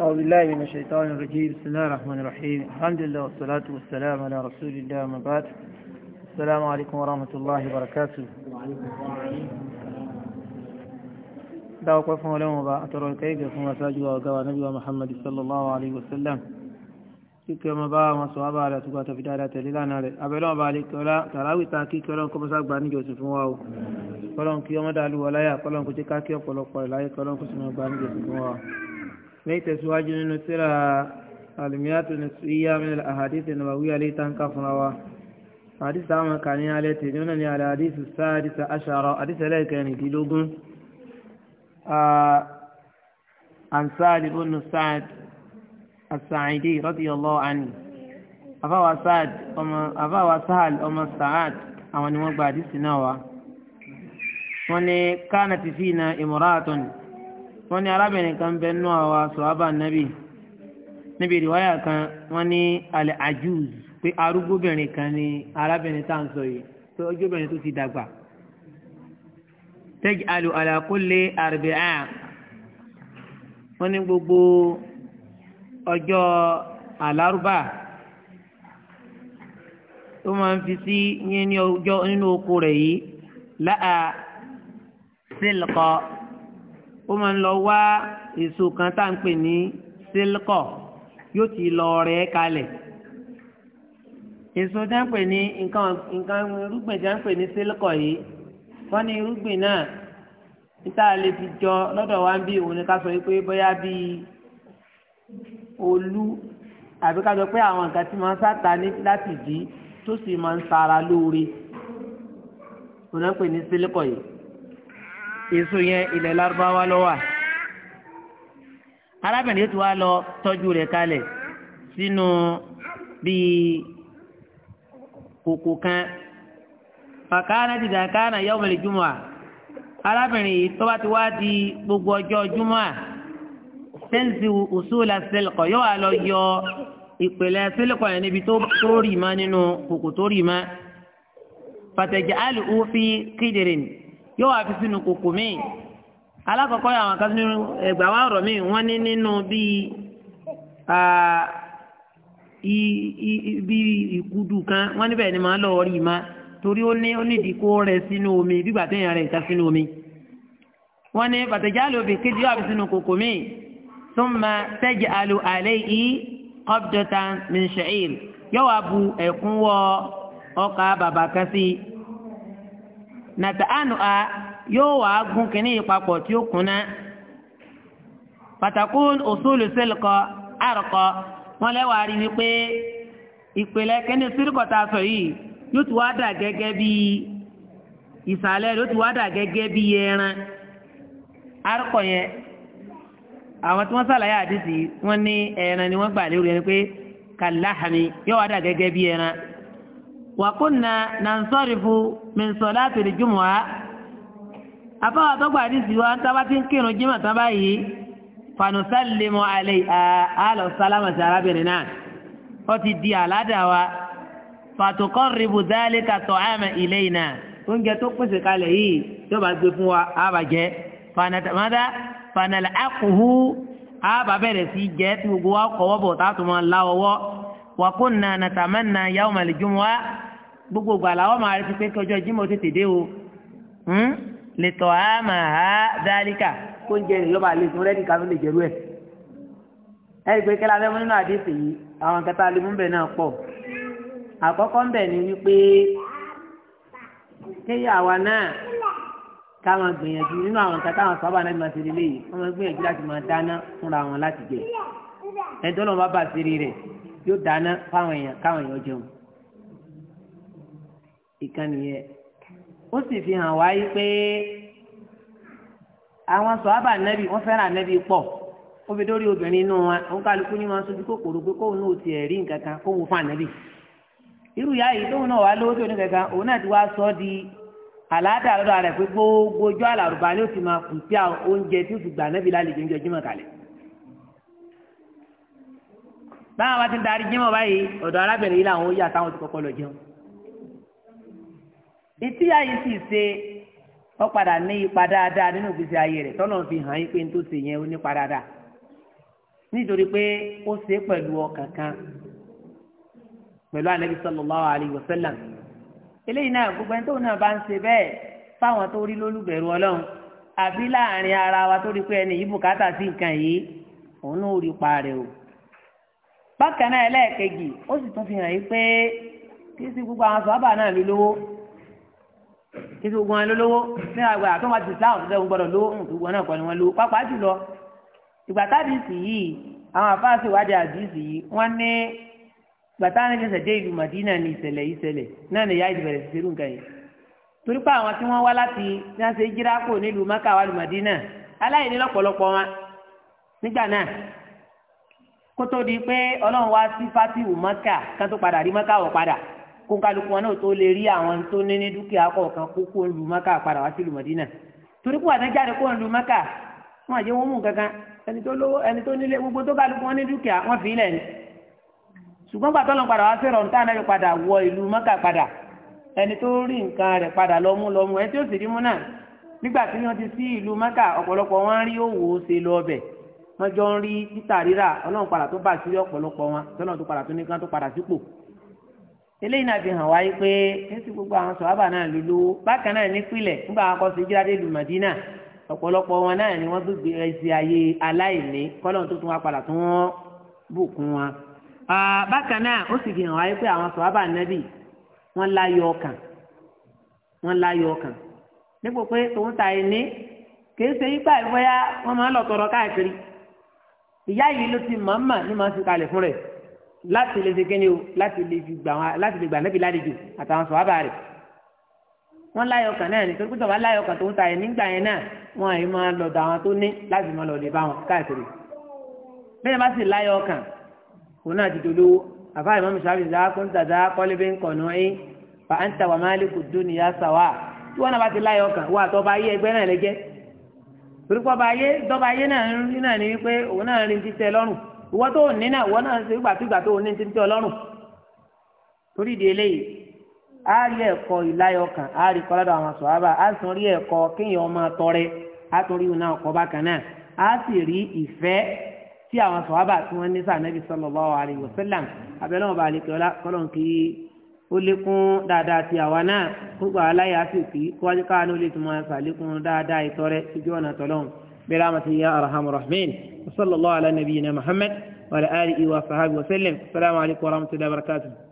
أعوذ بالله من الشيطان الرجيم بسم الله الرحمن الرحيم الحمد لله والصلاة والسلام على رسول الله وما بعد السلام عليكم ورحمة الله وبركاته دعوة قفهم لهم وبا الكيب يكون مساجوا وقوى نبي محمد صلى الله عليه وسلم كيك يوم با ما صحابة على تقوى تفدالة للانا أبلون بالك ولا تراوي تاكيك ولا كما ساقبا نجو سفواو kọlọ́n kí ọmọdé alúwọláyà kọlọ́n kó jẹ́ káàkiri ọ̀pọ̀lọpọ̀ ìláyé kọlọ́n kó sì ìtẹ̀síwájú nínú tíra alìmíyàtò ní síyá min al-ahadith an-nabawiyyah lè tán ká fúnra wa hadith táwọn kà ní alẹ́ tè nínú ní al-hadith as-sadis ashara hadith ẹlẹ́kẹrìndínlógún an Sa'd ibn Sa'd as-Sa'idi radiyallahu anhu afáwa Sa'd ọmọ afáwa Sa'd ọmọ Sa'd àwọn ni wọ́n gba hadith náà wa wọ́n ní kánàtì fínà imra'atun wọ́n ní arábìnrin kan bẹ nínú àwa sọ̀hábà nábì níbi ìrìwáyà kan wọ́n ní alẹ́ ajuz pé arúgbóbìnrin kan ní arábìnrin tá à ń sọ yìí tó ọjọ́bìnrin tó ti dàgbà. tẹ́jì alu àlàkólé àrùbẹ̀à wọ́n ní gbogbo ọjọ́ àlárúbà tó máa ń fi sí yín ní ọjọ́ nínú oko rẹ̀ yìí láà sílùkọ́ ó máa ń lọ wá èso kan tá à ń pè ní sílkọ̀ yóò ti lọ rẹ̀ kalẹ̀ èso tá à ń pè ní nǹkan nǹkan irúgbìn tá à ń pè ní sílkọ̀ yìí wọ́n ní irúgbìn náà níta lè fi jọ lọ́dọ̀ wa ń bí òun ni ká sọ pé bóyá bíi olú àbí ká sọ pé àwọn nǹkan tí máa ń sáta láti dì í tó sì máa ń sara lóore òun náà pè ní sílkọ̀ yìí èso yẹn ilẹ̀ lárúbáwá ló wà arábìnrin yóò ti wá lọ tọ́jú rẹ̀ kalẹ̀ sínú bíi kòkò kan fàkàrà ti dàkàrà yawmal jumu'a arábìnrin yìí tó ti wá di gbogbo ọjọ́ jumu'a sẹ́ǹsì usula sílẹ̀kọ̀ yóò wá lọ yọ ìpìlẹ̀ sílẹ̀kọ̀ yẹn níbi tó rì má nínú kòkò tó rì má fàtẹ̀jẹ̀ àlùkù fi kídìrín yóò wá fi sínú kòkò míì alákọ̀ọ́kọ́ àwọn kan nínú ẹgbà wa ọ̀rọ̀ míì wọ́n ní nínú bíi bíi ìkudu kan wọ́n níbẹ̀ ni màá lọ rí ma torí ó ní ó nídìí kó rẹ sínú omi bí bàtẹ́ yẹn rẹ̀ ìta sínú omi wọ́n ní bàtẹ́jà lè obì yóò wá fi sínú kòkò míì thumma taj'alu alayhi qabdatan min sha'ir yóò wá bu ẹ̀kún ọkà bàbà kan nàtà àánú a yóò wá gún kínní yìí papọ̀ tí ó kúnná pàtàkó òṣòlù sílùkọ àrùkọ wọn lẹ́wàá rí wípé ìpìlẹ̀ kínní sílùkọ tá a sọ yìí yóò ti wá dà gẹ́gẹ́ bí ìsàlẹ̀ yóò wá dà gẹ́gẹ́ bí ẹran àrùkọ yẹn àwọn tí wọ́n sàlàyé àdìsí ní ẹran ni wọ́n gẹ́gẹ́ وكنا ننصرف من صلاة الجمعة أفا تقوى ديسي وأنت باتين كينو جمعة تبايي فنسلم عليه أهل السلامة عربنا وتدي على دوا فتقرب ذلك الطعام إلينا oúnjẹ tó pèsè kalẹ̀ yìí tó bá gbé fún wa á bà jẹ́ fanadamada fanala akuhu á bà bẹ̀rẹ̀ sí jẹ́ tí gbogbo wa kọ́wọ́ bọ̀ tá a tún máa la ọwọ́ wa kunna gbogbo gbala làwọn máa retí pé kọjọ́ Jímọ̀ tètè dé o lè tọ̀ á máa há dáríkà kó ń jẹ ìlọ́ba àlejò rẹ́dí kan ló lè jẹ́rú ẹ̀. ẹ̀rí pé kẹ́lá fẹ́mú nínú àdéhùn yìí àwọn kẹta alimúbẹ̀ náà pọ̀ àkọ́kọ́ ń bẹ̀ ni wípé kéyà wa náà káwọn gbìyànjú nínú àwọn kẹta àwọn sábà náà ti máa ṣe lélẹ̀ yìí wọ́n máa gbìyànjú láti máa dáná fúnra wọn láti jẹ bá bàṣírí ìkan ó sì fi hàn wá pé àwọn sọ̀hábà nẹ́bí wọ́n fẹ́ràn nẹ́bí pọ̀ ó fi dórí obìnrin inú wa òun kálukú ní wọn sojú kòkòrò pé kóun náà tiẹ̀ rí nǹkan kan kóun fún ànẹ́bí irú ìyá yìí tóun náà lówó tó ní kankan òun sọ di àlàáda lọ́dọ̀ rẹ̀ pé gbogbo ojú àlàrúbá ni ó ti máa kù sí oúnjẹ tí ó ìtí ayé si ṣe ọkpa padà ní ipa dáadáa nínú ìgbésí ayé rẹ̀ tọ́nà fi hàn yín pé ní tó yẹn ó nípa dáadáa nítorí pé ó ṣe pẹ̀lú ọkàn kan pẹ̀lú anabi sallallahu alayhi eléyìí náà gbogbo ẹni náà bá ń ṣe bẹ́ẹ̀ fáwọn tó rí lólùbẹ̀rù ọlọ́run àbí láàrin ara wa tó rí pé ẹni yìí bùkátà sí o bákan náà ẹlẹ́ẹ̀kejì ó sì kí gbogbo wọn lólówó ní àgbà àtọ́wọ́ àti islam tó dẹ́gun gbọ́dọ̀ lówó ń gbogbo náà kọ́ ni wọ́n lówó pápá jùlọ ìgbà tábìsì yìí àwọn àfáàsì ìwádìí àdìsì yìí wọ́n ní gbàtà ní kẹsẹ̀ dé ìlú Madina ní ìṣẹ̀lẹ̀ ìṣẹ̀lẹ̀ náà ní yáyí bẹ̀rẹ̀ sí irú nǹkan yìí torí pé àwọn tí wọ́n wá láti ní wọ́n ṣe jíra kò nílùú Maka wà lù Madina aláìní lọ́pọ̀lọpọ̀ wọn nígbà náà kó tó di pé Ọlọ́run wá sí fatihu Maka kan tó padà rí Maka wọ̀ padà kó kálukú wọn náà tó lè rí àwọn tó ní ní dúkìá kọ̀ọ̀kan kó kó lu mọ́kà padà wá sí ìlú Mọ̀dínà torí kó àtẹ jáde kó lu mọ́kà wọn àjẹ wọn mú kankan ẹni tó lówó ẹni tó nílé gbogbo tó kálukú wọn ní dúkìá wọn fi ilẹ̀ ni ṣùgbọ́n gbàtọ́ lọ padà wá fẹ́ràn tá àná padà wọ ìlú mọ́kà padà ẹni tó rí nǹkan rẹ̀ padà lọ́mú lọ́mú ẹni tí ó sì rí mú náà nígbà tí wọ́n ti sí ìlú mọ́kà ọ̀pọ̀lọpọ̀ wọn rí òwò ṣe lọ ọbẹ̀ wọ́n jọ ń rí títà rírà ọlọ́run padà tó bá sí ọ̀pọ̀lọpọ̀ wọn tọ́lọ́run tó padà tó ní kán tó padà sípò eléyìí náà fi hàn wáyé pé ẹsì gbogbo àwọn sọ̀hábà náà ló lówó bákan náà nípìnlẹ̀ nígbà wọn kọ́ sí jíjáde lu Madina ọ̀pọ̀lọpọ̀ wọn náà ni wọ́n gbé ẹsì ayé aláìní kọ́lọ́n tó tún wá padà tún wọ́n bùkún wọn. bákan náà ó sì fi hàn wáyé pé àwọn sọ̀hábà nẹ́bì wọ́n láyọ̀ ọkàn wọ́n láyọ̀ ọkàn dípò pé tòun ta ẹni kìí ṣe yípa ìfọ́yà wọ́n máa ń lọ tọrọ káàkiri ìyá yìí láti lè segin ni o láti lè fi gbà wọn láti lè gbà nẹ́bí ládìjù àtàwọn sọ̀hábà rẹ̀ wọ́n láyọ̀ kan náà ni torí pípọ̀ bá láyọ̀ kan tó ń ta yẹn nígbà yẹn náà wọ́n àyè máa lọ da àwọn tó ní láti máa lọ lè bá wọn káàkiri bẹ́ẹ̀ bá sì láyọ̀ kan òun náà ti dolówó àfa ìmọ̀ mùsàlùmí ìdá kó ń tàdá kọ́lé bí ń kọ̀ nù ẹ́ fa ń tàwà máa lè kó dún níyà sàwà tí wọ́n náà bá ti láyọ̀ kan wọ́n àtọ́ bá yé ẹgbẹ́ náà lẹ́jẹ́ torí pọ́ bá yé dọ́ bá yé náà ní wípé òun náà rí ti tẹ lọ́rùn ìwọ tó ní náà ìwọ náà ṣe gbàtúgbà tó ní ti ń tẹ ọlọ́run torí di eléyìí á rí ẹ̀kọ́ ìláyọ̀ kan á rí kọ́ lọ́dọ̀ àwọn sọ̀hábà á tún rí ẹ̀kọ́ kéèyàn máa tọrẹ á tún rí iná ọkọ̀ bákan náà á sì rí ìfẹ́ tí àwọn sọ̀hábà tí wọ́n ní sànẹ́bí sallallahu alaihi wasallam abẹ́lẹ́wọ̀n bá lè kẹ́ọ́lá kọ́lọ́n kí ó lékún dáadáa ti àwa náà gbogbo àláyà sì kí kó wájú káwọn ó lè máa sàlékún dáadáa ìtọrẹ síjú ọ̀nà tọ́lọ́hùn برحمتك يا أرحم الراحمين وصلى الله على نبينا محمد وعلى آله وصحبه وسلم السلام عليكم ورحمة الله وبركاته